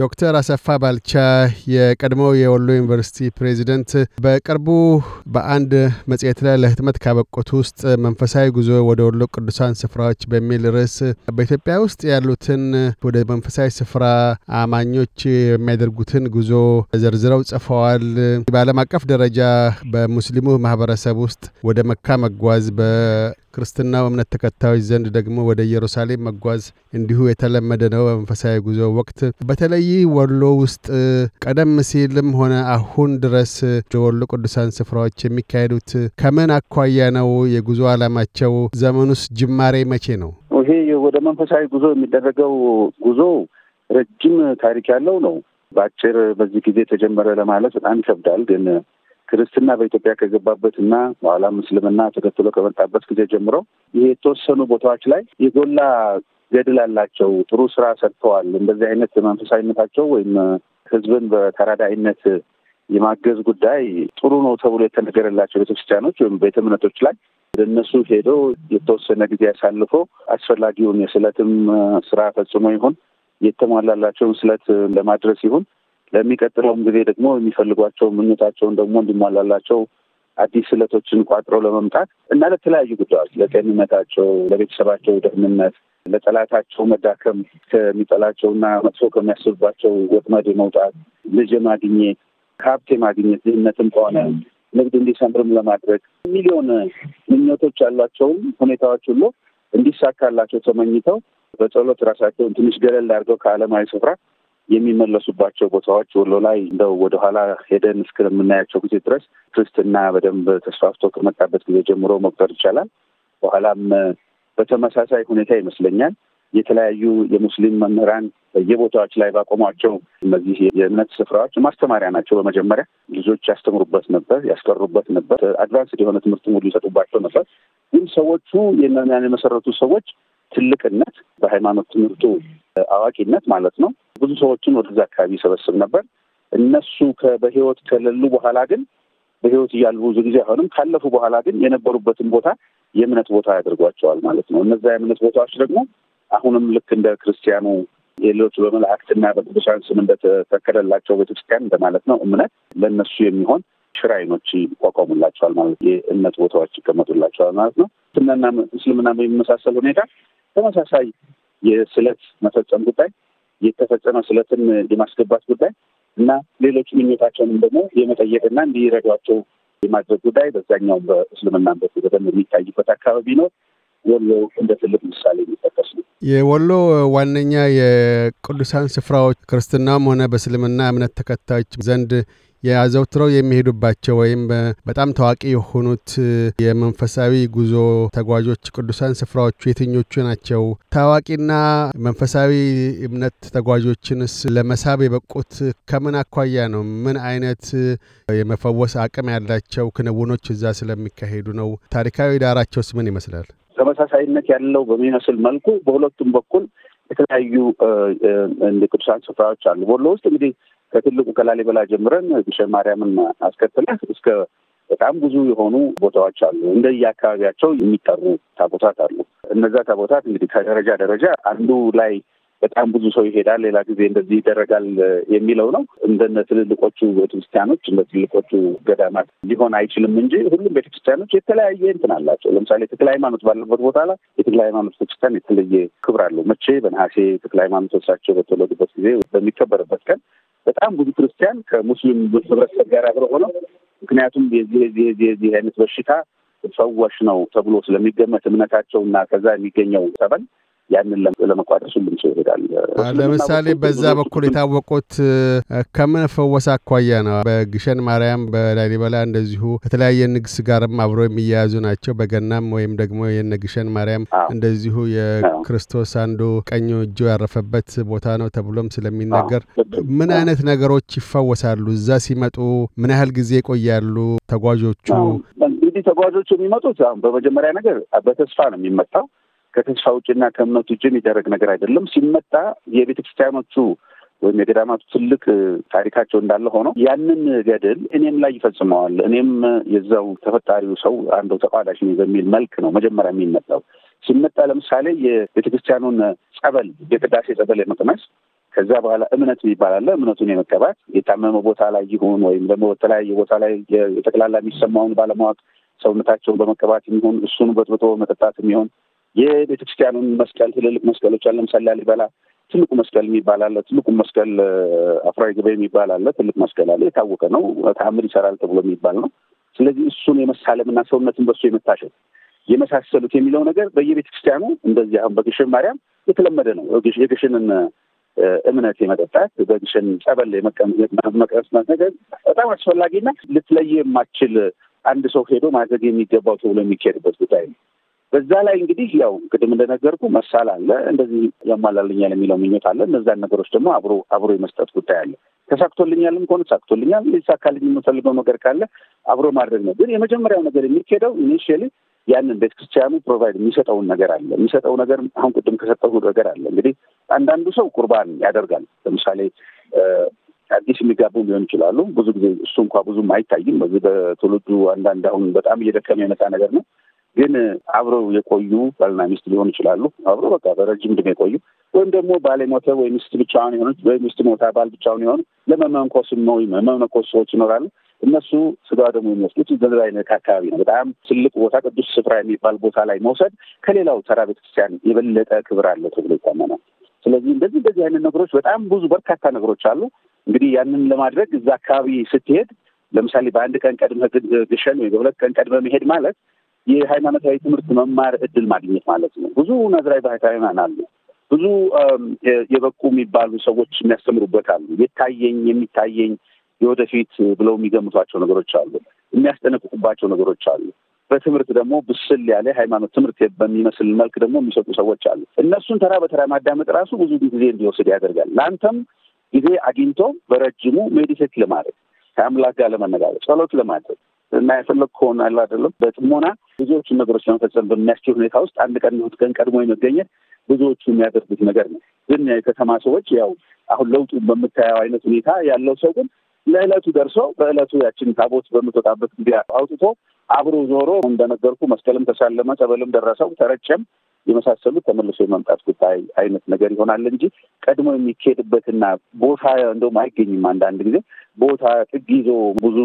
ዶክተር አሰፋ ባልቻ የቀድሞው የወሎ ዩኒቨርሲቲ ፕሬዚደንት፣ በቅርቡ በአንድ መጽሔት ላይ ለህትመት ካበቁት ውስጥ መንፈሳዊ ጉዞ ወደ ወሎ ቅዱሳን ስፍራዎች በሚል ርዕስ በኢትዮጵያ ውስጥ ያሉትን ወደ መንፈሳዊ ስፍራ አማኞች የሚያደርጉትን ጉዞ ዘርዝረው ጽፈዋል። በዓለም አቀፍ ደረጃ በሙስሊሙ ማህበረሰብ ውስጥ ወደ መካ መጓዝ ክርስትናው እምነት ተከታዮች ዘንድ ደግሞ ወደ ኢየሩሳሌም መጓዝ እንዲሁ የተለመደ ነው። በመንፈሳዊ ጉዞ ወቅት በተለይ ወሎ ውስጥ ቀደም ሲልም ሆነ አሁን ድረስ የወሎ ቅዱሳን ስፍራዎች የሚካሄዱት ከምን አኳያ ነው? የጉዞ ዓላማቸው? ዘመኑስ ጅማሬ መቼ ነው? ይሄ ወደ መንፈሳዊ ጉዞ የሚደረገው ጉዞ ረጅም ታሪክ ያለው ነው። በአጭር በዚህ ጊዜ ተጀመረ ለማለት በጣም ይከብዳል ግን ክርስትና በኢትዮጵያ ከገባበት እና በኋላም እስልምና ተከትሎ ከመጣበት ጊዜ ጀምሮ ይህ የተወሰኑ ቦታዎች ላይ የጎላ ገድል አላቸው፣ ጥሩ ስራ ሰርተዋል፣ እንደዚህ አይነት መንፈሳዊነታቸው ወይም ህዝብን በተራዳይነት የማገዝ ጉዳይ ጥሩ ነው ተብሎ የተነገረላቸው ቤተክርስቲያኖች ወይም ቤተ እምነቶች ላይ ወደ እነሱ ሄዶ የተወሰነ ጊዜ ያሳልፎ አስፈላጊውን የስዕለትም ስራ ፈጽሞ ይሁን የተሟላላቸውን ስዕለት ለማድረስ ይሁን ለሚቀጥለውም ጊዜ ደግሞ የሚፈልጓቸው ምኞታቸውን ደግሞ እንዲሟላላቸው አዲስ ስለቶችን ቋጥሮ ለመምጣት እና ለተለያዩ ጉዳዮች ለጤንነታቸው፣ ለቤተሰባቸው ደህንነት፣ ለጠላታቸው መዳከም ከሚጠላቸውና መጥፎ ከሚያስብባቸው ወጥመድ መውጣት፣ ልጅ ማግኘት፣ ሀብት ማግኘት፣ ድህነትም ከሆነ ንግድ እንዲሰምርም ለማድረግ ሚሊዮን ምኞቶች ያሏቸውን ሁኔታዎች ሁሉ እንዲሳካላቸው ተመኝተው በጸሎት ራሳቸውን ትንሽ ገለል አድርገው ከዓለማዊ ስፍራ የሚመለሱባቸው ቦታዎች ወሎ ላይ እንደው ወደኋላ ሄደን እስከምናያቸው ጊዜ ድረስ ክርስትና በደንብ ተስፋፍቶ ከመጣበት ጊዜ ጀምሮ መቁጠር ይቻላል። በኋላም በተመሳሳይ ሁኔታ ይመስለኛል የተለያዩ የሙስሊም መምህራን በየቦታዎች ላይ ባቆሟቸው እነዚህ የእምነት ስፍራዎች ማስተማሪያ ናቸው። በመጀመሪያ ልጆች ያስተምሩበት ነበር፣ ያስቀሩበት ነበር፣ አድቫንስድ የሆነ ትምህርት ሙሉ ይሰጡባቸው ነበር። ግን ሰዎቹ የመሰረቱ ሰዎች ትልቅነት በሃይማኖት ትምህርቱ አዋቂነት ማለት ነው ብዙ ሰዎችን ወደዛ አካባቢ ይሰበስብ ነበር። እነሱ በህይወት ከሌሉ በኋላ ግን በህይወት እያሉ ብዙ ጊዜ አሁንም ካለፉ በኋላ ግን የነበሩበትን ቦታ የእምነት ቦታ ያደርጓቸዋል ማለት ነው። እነዛ የእምነት ቦታዎች ደግሞ አሁንም ልክ እንደ ክርስቲያኑ የሌሎቹ በመላእክትና በቅዱሳን ስም እንደተተከለላቸው ቤተክርስቲያን እንደማለት ነው። እምነት ለእነሱ የሚሆን ሽራይኖች ይቋቋሙላቸዋል ማለት የእምነት ቦታዎች ይቀመጡላቸዋል ማለት ነው። እስልምና በሚመሳሰል ሁኔታ ተመሳሳይ የስለት መፈጸም ጉዳይ፣ የተፈጸመ ስለትን የማስገባት ጉዳይ እና ሌሎች ምኞታቸውንም ደግሞ የመጠየቅና እንዲረዷቸው የማድረግ ጉዳይ በዛኛውም በእስልምና በኩል በደንብ የሚታይበት አካባቢ ነው። ወሎ እንደ ትልቅ ምሳሌ የሚጠቀስ ነው። የወሎ ዋነኛ የቅዱሳን ስፍራዎች ክርስትናም ሆነ በእስልምና እምነት ተከታዮች ዘንድ የአዘውትረው የሚሄዱባቸው ወይም በጣም ታዋቂ የሆኑት የመንፈሳዊ ጉዞ ተጓዦች ቅዱሳን ስፍራዎቹ የትኞቹ ናቸው? ታዋቂና መንፈሳዊ እምነት ተጓዦችንስ ለመሳብ የበቁት ከምን አኳያ ነው? ምን አይነት የመፈወስ አቅም ያላቸው ክንውኖች እዛ ስለሚካሄዱ ነው? ታሪካዊ ዳራቸውስ ምን ይመስላል? ተመሳሳይነት ያለው በሚመስል መልኩ በሁለቱም በኩል የተለያዩ ቅዱሳን ስፍራዎች አሉ። ወሎ ውስጥ እንግዲህ ከትልቁ ከላሊበላ ጀምረን ግሸን ማርያምን አስከትለህ እስከ በጣም ብዙ የሆኑ ቦታዎች አሉ። እንደየ አካባቢያቸው የሚጠሩ ታቦታት አሉ። እነዛ ታቦታት እንግዲህ ከደረጃ ደረጃ አንዱ ላይ በጣም ብዙ ሰው ይሄዳል፣ ሌላ ጊዜ እንደዚህ ይደረጋል የሚለው ነው። እንደነ ትልልቆቹ ቤተክርስቲያኖች እንደ ትልልቆቹ ገዳማት ሊሆን አይችልም እንጂ ሁሉም ቤተክርስቲያኖች የተለያየ እንትን አላቸው። ለምሳሌ ተክለ ሃይማኖት ባለበት ቦታ ላይ የተክለ ሃይማኖት ቤተክርስቲያን የተለየ ክብር አለው። መቼ በነሐሴ ተክለ ሃይማኖት እሳቸው በተወለዱበት ጊዜ በሚከበርበት ቀን በጣም ብዙ ክርስቲያን ከሙስሊም ህብረተሰብ ጋር አብረ ሆነው ምክንያቱም የዚህ የዚህ የዚህ የዚህ አይነት በሽታ ፈዋሽ ነው ተብሎ ስለሚገመት እምነታቸው እና ከዛ የሚገኘው ሰበን ያንን ለመቋደስ ሁሉም ሰው ይሄዳል። ለምሳሌ በዛ በኩል የታወቁት ከምን ፈወስ አኳያ ነው? በግሸን ማርያም፣ በላሊበላ እንደዚሁ ከተለያየ ንግስ ጋርም አብረው የሚያያዙ ናቸው። በገናም ወይም ደግሞ ግሸን ማርያም እንደዚሁ የክርስቶስ አንዱ ቀኝ እጁ ያረፈበት ቦታ ነው ተብሎም ስለሚነገር ምን አይነት ነገሮች ይፈወሳሉ? እዛ ሲመጡ ምን ያህል ጊዜ ይቆያሉ ተጓዦቹ? እንግዲህ ተጓዦቹ የሚመጡት በመጀመሪያ ነገር በተስፋ ነው የሚመጣው ከተስፋ ውጭና ከእምነት ውጭ የሚደረግ ነገር አይደለም። ሲመጣ የቤተክርስቲያኖቹ ወይም የገዳማቱ ትልቅ ታሪካቸው እንዳለ ሆኖ ያንን ገድል እኔም ላይ ይፈጽመዋል፣ እኔም የዛው ተፈጣሪው ሰው አንዱ ተቋዳሽ በሚል መልክ ነው መጀመሪያ የሚመጣው። ሲመጣ ለምሳሌ የቤተክርስቲያኑን ጸበል፣ የቅዳሴ ጸበል የመቅመስ ከዛ በኋላ እምነት የሚባል አለ። እምነቱን የመቀባት የታመመ ቦታ ላይ ይሁን ወይም ደግሞ በተለያየ ቦታ ላይ የጠቅላላ የሚሰማውን ባለማወቅ ሰውነታቸውን በመቀባት የሚሆን እሱን በጥብጦ መጠጣት የሚሆን የቤተክርስቲያኑን መስቀል ትልልቅ መስቀሎች አለ። ለምሳሌ ላሊበላ ትልቁ መስቀል የሚባል አለ። ትልቁ መስቀል አፍራዊ ገበያ የሚባል አለ። ትልቅ መስቀል አለ። የታወቀ ነው። ተአምር ይሰራል ተብሎ የሚባል ነው። ስለዚህ እሱን የመሳለምና ሰውነትን በሱ የመታሸት የመሳሰሉት የሚለው ነገር በየቤተ ክርስቲያኑ እንደዚህ አሁን በግሽን ማርያም የተለመደ ነው። የግሽንን እምነት የመጠጣት በግሽን ጸበል መቀመስ ነገር በጣም አስፈላጊና ልትለየ የማችል አንድ ሰው ሄዶ ማድረግ የሚገባው ተብሎ የሚካሄድበት ጉዳይ ነው። በዛ ላይ እንግዲህ ያው ቅድም እንደነገርኩ መሳል አለ፣ እንደዚህ ያሟላልኛል የሚለው ምኞት አለ። እነዛን ነገሮች ደግሞ አብሮ አብሮ የመስጠት ጉዳይ አለ። ተሳክቶልኛልም ከሆነ ተሳክቶልኛል፣ ሊሳካልኝ የምፈልገው ነገር ካለ አብሮ ማድረግ ነው። ግን የመጀመሪያው ነገር የሚካሄደው ኢኒሽሊ ያንን ቤተክርስቲያኑ ፕሮቫይድ የሚሰጠውን ነገር አለ። የሚሰጠው ነገር አሁን ቅድም ከሰጠው ነገር አለ። እንግዲህ አንዳንዱ ሰው ቁርባን ያደርጋል። ለምሳሌ አዲስ የሚጋቡ ሊሆን ይችላሉ። ብዙ ጊዜ እሱ እንኳ ብዙም አይታይም። በዚህ በትውልዱ አንዳንድ አሁን በጣም እየደከመ የመጣ ነገር ነው። ግን አብረው የቆዩ ባልና ሚስት ሊሆኑ ይችላሉ። አብረው በቃ በረጅም ድም የቆዩ ወይም ደግሞ ባሌ ሞተ ወይ ሚስት ብቻውን የሆነች ወይ ሚስት ሞታ ባል ብቻውን የሆኑ ለመመንኮስ ወይም መመንኮስ ሰዎች ይኖራሉ። እነሱ ስጋ ደግሞ የሚወስዱት በዛ አይነት አካባቢ ነው። በጣም ትልቅ ቦታ ቅዱስ ስፍራ የሚባል ቦታ ላይ መውሰድ ከሌላው ተራ ቤተክርስቲያን የበለጠ ክብር አለ ተብሎ ይታመናል። ስለዚህ እንደዚህ እንደዚህ አይነት ነገሮች በጣም ብዙ በርካታ ነገሮች አሉ። እንግዲህ ያንን ለማድረግ እዛ አካባቢ ስትሄድ ለምሳሌ በአንድ ቀን ቀድመ ግሸን ወይ በሁለት ቀን ቀድመ መሄድ ማለት የሃይማኖታዊ ትምህርት መማር እድል ማግኘት ማለት ነው። ብዙ ነዝራዊ ባህታውያን አሉ። ብዙ የበቁ የሚባሉ ሰዎች የሚያስተምሩበት አሉ። የታየኝ የሚታየኝ የወደፊት ብለው የሚገምቷቸው ነገሮች አሉ። የሚያስጠነቅቁባቸው ነገሮች አሉ። በትምህርት ደግሞ ብስል ያለ ሃይማኖት ትምህርት በሚመስል መልክ ደግሞ የሚሰጡ ሰዎች አሉ። እነሱን ተራ በተራ ማዳመጥ ራሱ ብዙ ጊዜ እንዲወስድ ያደርጋል። ለአንተም ጊዜ አግኝቶ በረጅሙ ሜዲቴት ለማድረግ ከአምላክ ጋር ለመነጋገር ጸሎት ለማድረግ እና የፈለግ ከሆነ አለ አይደለም በጥሞና ብዙዎቹን ነገሮች ለመፈጸም በሚያስችል ሁኔታ ውስጥ አንድ ቀን ሁት ቀን ቀድሞ የመገኘት ብዙዎቹ የሚያደርጉት ነገር ነው። ግን የከተማ ሰዎች ያው አሁን ለውጡ በምታየው አይነት ሁኔታ ያለው ሰው ግን ለእለቱ ደርሶ በእለቱ ያችን ታቦት በምትወጣበት ጊዜ አውጥቶ አብሮ ዞሮ እንደነገርኩ መስቀልም ተሳለመ፣ ጸበልም ደረሰው፣ ተረጨም የመሳሰሉት ተመልሶ የመምጣት ጉዳይ አይነት ነገር ይሆናል እንጂ ቀድሞ የሚካሄድበትና ቦታ እንደውም አይገኝም። አንዳንድ ጊዜ ቦታ ጥግ ይዞ ብዙ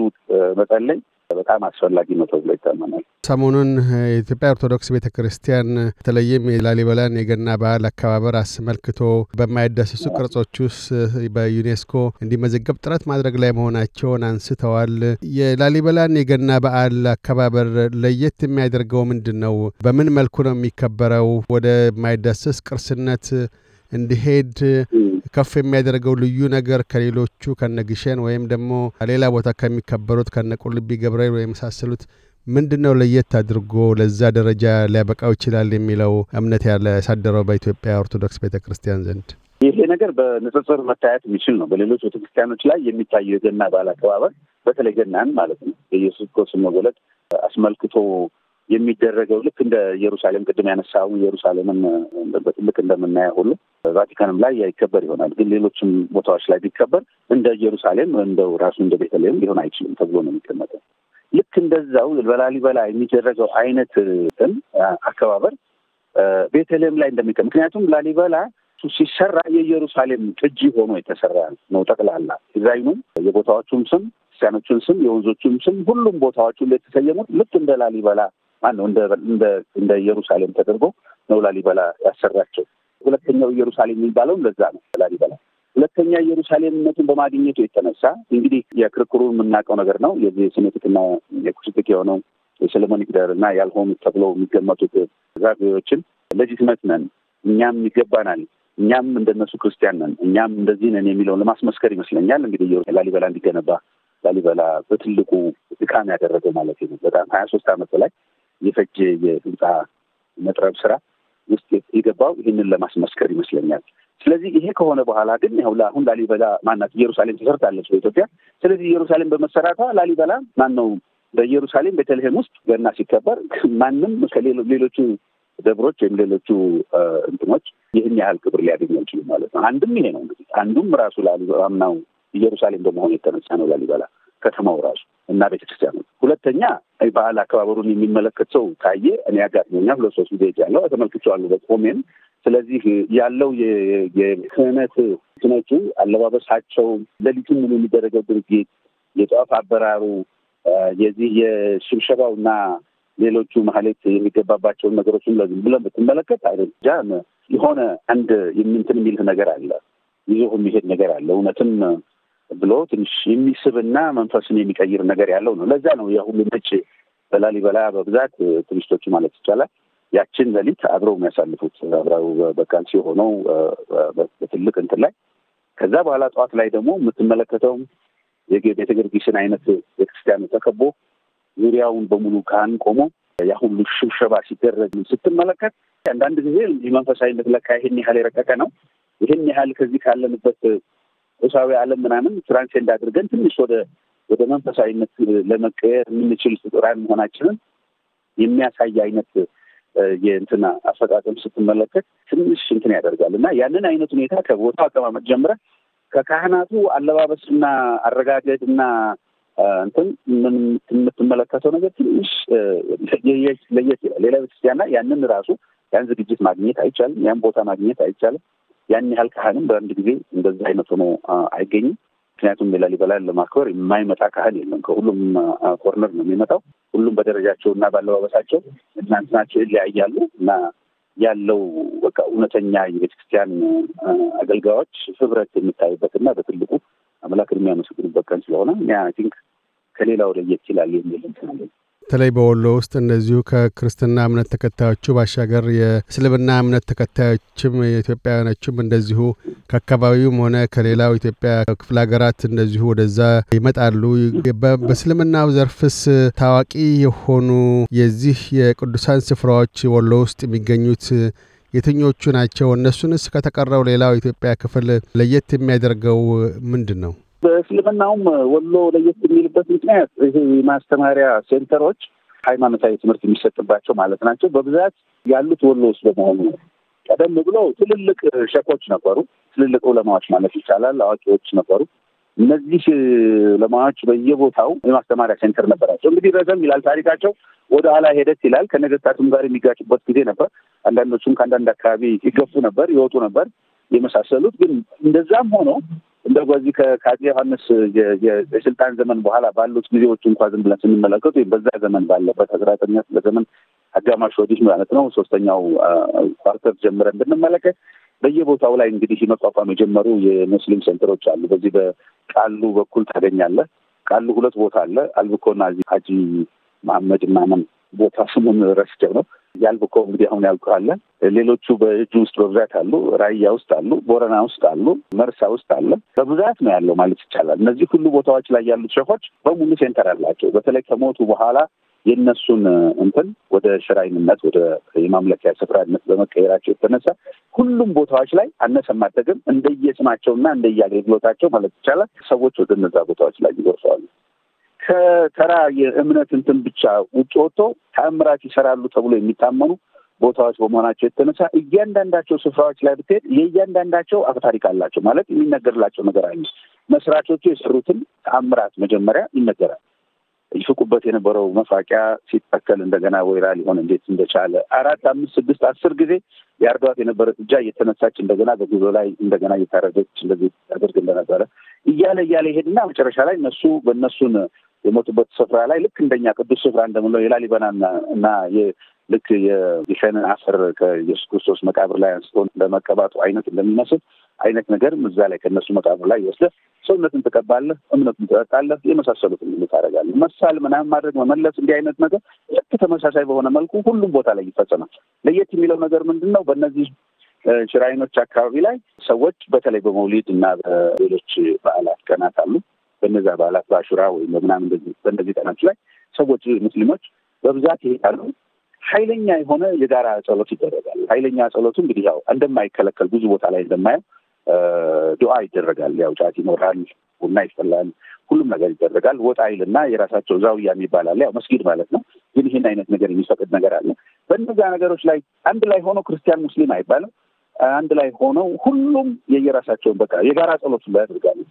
መጸለይ በጣም አስፈላጊ ነው ተብሎ ይታመናል። ሰሞኑን የኢትዮጵያ ኦርቶዶክስ ቤተ ክርስቲያን በተለይም የላሊበላን የገና በዓል አከባበር አስመልክቶ በማይዳሰሱ ቅርጾች ውስጥ በዩኔስኮ እንዲመዘገብ ጥረት ማድረግ ላይ መሆናቸውን አንስተዋል። የላሊበላን የገና በዓል አከባበር ለየት የሚያደርገው ምንድን ነው? በምን መልኩ ነው የሚከበረው? ወደ ማይዳሰስ ቅርስነት እንዲሄድ ከፍ የሚያደርገው ልዩ ነገር ከሌሎቹ ከነግሸን ወይም ደግሞ ሌላ ቦታ ከሚከበሩት ከነቁልቢ ገብርኤል ወይ የመሳሰሉት ምንድን ነው ለየት አድርጎ ለዛ ደረጃ ሊያበቃው ይችላል የሚለው እምነት ያለ ያሳደረው በኢትዮጵያ ኦርቶዶክስ ቤተ ክርስቲያን ዘንድ ይሄ ነገር በንጽጽር መታየት የሚችል ነው። በሌሎች ቤተክርስቲያኖች ላይ የሚታየው የገና በዓል አከባበር በተለይ ገናን ማለት ነው የኢየሱስ ክርስቶስ መወለድ አስመልክቶ የሚደረገው ልክ እንደ ኢየሩሳሌም ቅድም ያነሳው ኢየሩሳሌምን በትልቅ እንደምናየው ሁሉ ቫቲካንም ላይ ይከበር ይሆናል። ግን ሌሎችም ቦታዎች ላይ ቢከበር እንደ ኢየሩሳሌም እንደው ራሱ እንደ ቤተልሔም ሊሆን አይችልም ተብሎ ነው የሚቀመጠው። ልክ እንደዛው በላሊበላ የሚደረገው አይነት እንትን አከባበር ቤተልሔም ላይ እንደሚቀ ምክንያቱም ላሊበላ ሲሰራ የኢየሩሳሌም ቅጂ ሆኖ የተሰራ ነው። ጠቅላላ ዲዛይኑ፣ የቦታዎቹም ስም፣ ክርስቲያኖቹን ስም፣ የወንዞቹም ስም ሁሉም ቦታዎቹ እንደተሰየሙት ልክ እንደ ላሊበላ ማነው እንደ ኢየሩሳሌም ተደርጎ ነው ላሊበላ ያሰራቸው። ሁለተኛው ኢየሩሳሌም የሚባለውም ለዛ ነው ላሊበላ ሁለተኛ ኢየሩሳሌምነቱን በማግኘቱ የተነሳ እንግዲህ የክርክሩ የምናውቀው ነገር ነው። የዚህ የሲኔቲክና የኩሲቲክ የሆነው የሰለሞኒክ ደር እና ያልሆኑ ተብለው የሚገመጡት ዛሬዎችን ለጂትመት ነን፣ እኛም ይገባናል፣ እኛም እንደነሱ ክርስቲያን ነን፣ እኛም እንደዚህ ነን የሚለውን ለማስመስከር ይመስለኛል እንግዲህ ላሊበላ እንዲገነባ ላሊበላ በትልቁ ድካም ያደረገው ማለት ነው። በጣም ሀያ ሶስት ዓመት በላይ የፈጀ የህንፃ መጥረብ ስራ ውስጥ የገባው ይህንን ለማስመስከር ይመስለኛል። ስለዚህ ይሄ ከሆነ በኋላ ግን ያው አሁን ላሊበላ ማናት ኢየሩሳሌም ተሰርታለች በኢትዮጵያ። ስለዚህ ኢየሩሳሌም በመሰራቷ ላሊበላ ማን ነው በኢየሩሳሌም ቤተልሔም ውስጥ ገና ሲከበር ማንም ከሌሎቹ ደብሮች ወይም ሌሎቹ እንትኖች ይህን ያህል ክብር ሊያገኘ አይችሉም ማለት ነው። አንድም ይሄ ነው እንግዲህ አንዱም ራሱ ላሊበላ ምናው ኢየሩሳሌም በመሆኑ የተነሳ ነው ላሊበላ ከተማው ራሱ እና ቤተክርስቲያኑ። ሁለተኛ በዓል አከባበሩን የሚመለከት ሰው ካየ እኔ አጋጥሞኛል፣ ሁለት ሶስት ጊዜ ያለው ተመልክቼዋለሁ በቆሜም። ስለዚህ ያለው የክህነት ትኖቹ አለባበሳቸው፣ ሌሊቱን ምን የሚደረገው ድርጊት፣ የጠዋፍ አበራሩ፣ የዚህ የሽብሸባው እና ሌሎቹ ማህሌት የሚገባባቸውን ነገሮችን ለዝም ብለን ብትመለከት አይደጃ የሆነ አንድ የምንትን የሚልህ ነገር አለ ይዞ የሚሄድ ነገር አለ እውነትም ብሎ ትንሽ የሚስብና መንፈስን የሚቀይር ነገር ያለው ነው። ለዛ ነው የሁሉ ነጭ በላሊበላ በብዛት ቱሪስቶቹ ማለት ይቻላል ያችን ሌሊት አብረው የሚያሳልፉት አብረው በካልሲ ሆነው በትልቅ እንትን ላይ ከዛ በኋላ ጠዋት ላይ ደግሞ የምትመለከተውም የቤተ ጊዮርጊስን አይነት ቤተክርስቲያኑ ተከቦ ዙሪያውን በሙሉ ካህን ቆሞ ያሁሉ ሁሉ ሽብሸባ ሲደረግ ስትመለከት አንዳንድ ጊዜ መንፈሳዊነት ለካ ይህን ያህል የረቀቀ ነው። ይህን ያህል ከዚህ ካለንበት ቁሳዊ ዓለም ምናምን ትራንሴንድ አድርገን ትንሽ ወደ ወደ መንፈሳዊነት ለመቀየር የምንችል ፍጡራን መሆናችንን የሚያሳይ አይነት የእንትና አፈጣጠም ስትመለከት ትንሽ እንትን ያደርጋል እና ያንን አይነት ሁኔታ ከቦታው አቀማመጥ ጀምረ ከካህናቱ አለባበስና አረጋገድና እንትን የምትመለከተው ነገር ትንሽ ለየት ይላል። ሌላ ቤተክርስቲያንና ያንን ራሱ ያን ዝግጅት ማግኘት አይቻልም። ያን ቦታ ማግኘት አይቻልም። ያን ያህል ካህንም በአንድ ጊዜ እንደዛ አይነት ሆኖ አይገኝም። ምክንያቱም የላሊበላን ለማክበር የማይመጣ ካህን የለም። ከሁሉም ኮርነር ነው የሚመጣው። ሁሉም በደረጃቸው እና ባለባበሳቸው እናንትናቸው ይለያያሉ እና ያለው በቃ እውነተኛ የቤተክርስቲያን አገልጋዮች ህብረት እና በትልቁ አምላክን የሚያመሰግኑበት ቀን ስለሆነ ያ አይ ቲንክ ከሌላው ለየት ይችላል የሚል እንትን አለኝ። በተለይ በወሎ ውስጥ እንደዚሁ ከክርስትና እምነት ተከታዮቹ ባሻገር የእስልምና እምነት ተከታዮችም የኢትዮጵያውያኖችም እንደዚሁ ከአካባቢውም ሆነ ከሌላው ኢትዮጵያ ክፍለ ሀገራት እንደዚሁ ወደዛ ይመጣሉ። በእስልምናው ዘርፍስ ታዋቂ የሆኑ የዚህ የቅዱሳን ስፍራዎች ወሎ ውስጥ የሚገኙት የትኞቹ ናቸው? እነሱንስ ከተቀረው ሌላው የኢትዮጵያ ክፍል ለየት የሚያደርገው ምንድን ነው? በእስልምናውም ወሎ ለየት የሚልበት ምክንያት ይሄ የማስተማሪያ ሴንተሮች ሃይማኖታዊ ትምህርት የሚሰጥባቸው ማለት ናቸው። በብዛት ያሉት ወሎ ውስጥ በመሆኑ ነው። ቀደም ብሎ ትልልቅ ሸኮች ነበሩ፣ ትልልቅ ዑለማዎች ማለት ይቻላል አዋቂዎች ነበሩ። እነዚህ ዑለማዎች በየቦታው የማስተማሪያ ሴንተር ነበራቸው። እንግዲህ ረዘም ይላል ታሪካቸው፣ ወደ ኋላ ሄደት ይላል። ከነገስታቱም ጋር የሚጋጭበት ጊዜ ነበር። አንዳንዶቹም ከአንዳንድ አካባቢ ይገፉ ነበር፣ ይወጡ ነበር የመሳሰሉት ግን እንደዛም ሆኖ እንደ በዚህ ከአፄ ዮሐንስ የስልጣን ዘመን በኋላ ባሉት ጊዜዎች እንኳ ዝም ብለን ስንመለከቱ በዛ ዘመን ባለበት አስራተኛ ስለ ዘመን አጋማሽ ወዲህ ማለት ነው ሶስተኛው ኳርተር ጀምረን ብንመለከት በየቦታው ላይ እንግዲህ መቋቋም የጀመሩ የሙስሊም ሴንተሮች አሉ። በዚህ በቃሉ በኩል ታገኛለህ። ቃሉ ሁለት ቦታ አለ። አልብኮና እዚህ ሀጂ መሐመድ ማመን ቦታ ስሙን ረስቸው ነው ያልብኮ እንግዲህ አሁን ያልኩህ አለ። ሌሎቹ በእጁ ውስጥ በብዛት አሉ። ራያ ውስጥ አሉ፣ ቦረና ውስጥ አሉ፣ መርሳ ውስጥ አለ። በብዛት ነው ያለው ማለት ይቻላል። እነዚህ ሁሉ ቦታዎች ላይ ያሉት ሼኮች በሙሉ ሴንተር አላቸው። በተለይ ከሞቱ በኋላ የእነሱን እንትን ወደ ሽራይንነት ወደ የማምለኪያ ስፍራነት በመቀየራቸው የተነሳ ሁሉም ቦታዎች ላይ አነሰም አደገም እንደየስማቸውና እንደየአገልግሎታቸው ማለት ይቻላል ሰዎች ወደ እነዛ ቦታዎች ላይ ይጎርሰዋሉ። ከተራ የእምነት እንትን ብቻ ውጭ ወጥቶ ተአምራት ይሰራሉ ተብሎ የሚታመኑ ቦታዎች በመሆናቸው የተነሳ እያንዳንዳቸው ስፍራዎች ላይ ብትሄድ የእያንዳንዳቸው አፈታሪክ አላቸው። ማለት የሚነገርላቸው ነገር አለ። መስራቾቹ የሰሩትን ተአምራት መጀመሪያ ይነገራል። ይፍቁበት የነበረው መፋቂያ ሲተከል እንደገና ወይራ ሊሆን እንዴት እንደቻለ አራት አምስት ስድስት አስር ጊዜ የአርዷት የነበረ ጥጃ እየተነሳች እንደገና በጉዞ ላይ እንደገና እየታረደች እንደዚህ ያደርግ እንደነበረ እያለ እያለ ይሄድና መጨረሻ ላይ እነሱ በእነሱን የሞቱበት ስፍራ ላይ ልክ እንደኛ ቅዱስ ስፍራ እንደምለው የላሊበና እና ልክ የሸንን አፈር ከኢየሱስ ክርስቶስ መቃብር ላይ አንስቶ ለመቀባቱ አይነት እንደሚመስል አይነት ነገር እዛ ላይ ከነሱ መቃብር ላይ ይወስደ ሰውነትን ትቀባለህ፣ እምነቱን ትጠጣለህ፣ የመሳሰሉትን ሁሉ ታደርጋለህ። መሳል ምናምን ማድረግ መመለስ፣ እንዲህ አይነት ነገር ልክ ተመሳሳይ በሆነ መልኩ ሁሉም ቦታ ላይ ይፈጸማል። ለየት የሚለው ነገር ምንድን ነው? በእነዚህ ሽራይኖች አካባቢ ላይ ሰዎች በተለይ በመውሊድ እና በሌሎች በዓላት ቀናት አሉ በነዚ በዓላት በአሹራ ወይም በምናምን እንደዚህ በእነዚህ ቀናች ላይ ሰዎች ሙስሊሞች በብዛት ይሄዳሉ። ኃይለኛ የሆነ የጋራ ጸሎት ይደረጋል። ኃይለኛ ጸሎቱ እንግዲህ ያው እንደማይከለከል ብዙ ቦታ ላይ እንደማየው ዱዓ ይደረጋል። ያው ጫት ይኖራል፣ ቡና ይፈላል፣ ሁሉም ነገር ይደረጋል። ወጣ ይልና የራሳቸው ዛውያ የሚባል ያው መስጊድ ማለት ነው። ግን ይህን አይነት ነገር የሚፈቅድ ነገር አለ። በእነዚያ ነገሮች ላይ አንድ ላይ ሆኖ ክርስቲያን ሙስሊም አይባልም። አንድ ላይ ሆነው ሁሉም የየራሳቸውን በቃ የጋራ ጸሎት ላይ ያደርጋሉ።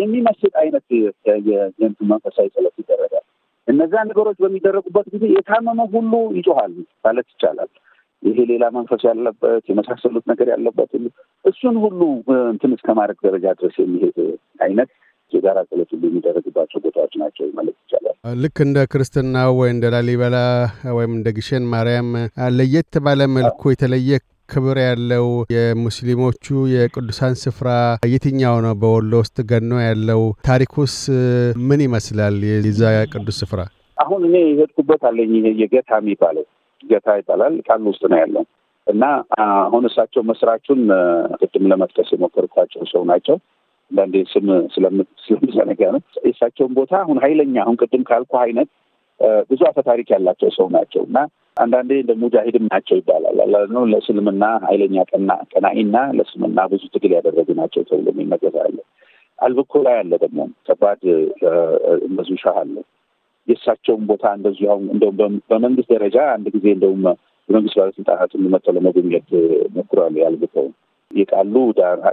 የሚመስል አይነት መንፈሳዊ ጸሎት ይደረጋል። እነዛ ነገሮች በሚደረጉበት ጊዜ የታመመ ሁሉ ይጮኋል ማለት ይቻላል። ይሄ ሌላ መንፈስ ያለበት የመሳሰሉት ነገር ያለበት እሱን ሁሉ እንትን እስከ ማድረግ ደረጃ ድረስ የሚሄድ አይነት የጋራ ጸሎት ሁሉ የሚደረግባቸው ቦታዎች ናቸው ማለት ይቻላል። ልክ እንደ ክርስትናው ወይ እንደ ላሊበላ ወይም እንደ ግሸን ማርያም ለየት ባለ መልኩ የተለየ ክብር ያለው የሙስሊሞቹ የቅዱሳን ስፍራ የትኛው ነው? በወሎ ውስጥ ገኖ ያለው ታሪኩስ ምን ይመስላል? የዛ ቅዱስ ስፍራ አሁን እኔ የሄድኩበት አለኝ። የገታ የሚባለው ገታ ይባላል። ቃሉ ውስጥ ነው ያለው እና አሁን እሳቸው መስራቹን ቅድም ለመጥቀስ የሞከርኳቸው ሰው ናቸው። አንዳንዴ ስም ስለምዘነጋ ነው። የእሳቸውን ቦታ አሁን ኃይለኛ አሁን ቅድም ካልኩ አይነት ብዙ አፈታሪክ ያላቸው ሰው ናቸው እና አንዳንዴ እንደ ሙጃሂድም ናቸው ይባላል አላለ ለእስልምና ኃይለኛ ቀና ቀናኢና ለእስልምና ብዙ ትግል ያደረጉ ናቸው ተብሎ ይመገባለ። አልብኮ ላይ አለ ደግሞ ከባድ እንደዚሁ ሻህ አለ። የእሳቸውም ቦታ እንደዚሁ አሁን እንደውም በመንግስት ደረጃ አንድ ጊዜ እንደውም የመንግስት ባለስልጣናት መጥተው ለመጎብኘት ሞክረዋል። ያልብኮውን የቃሉ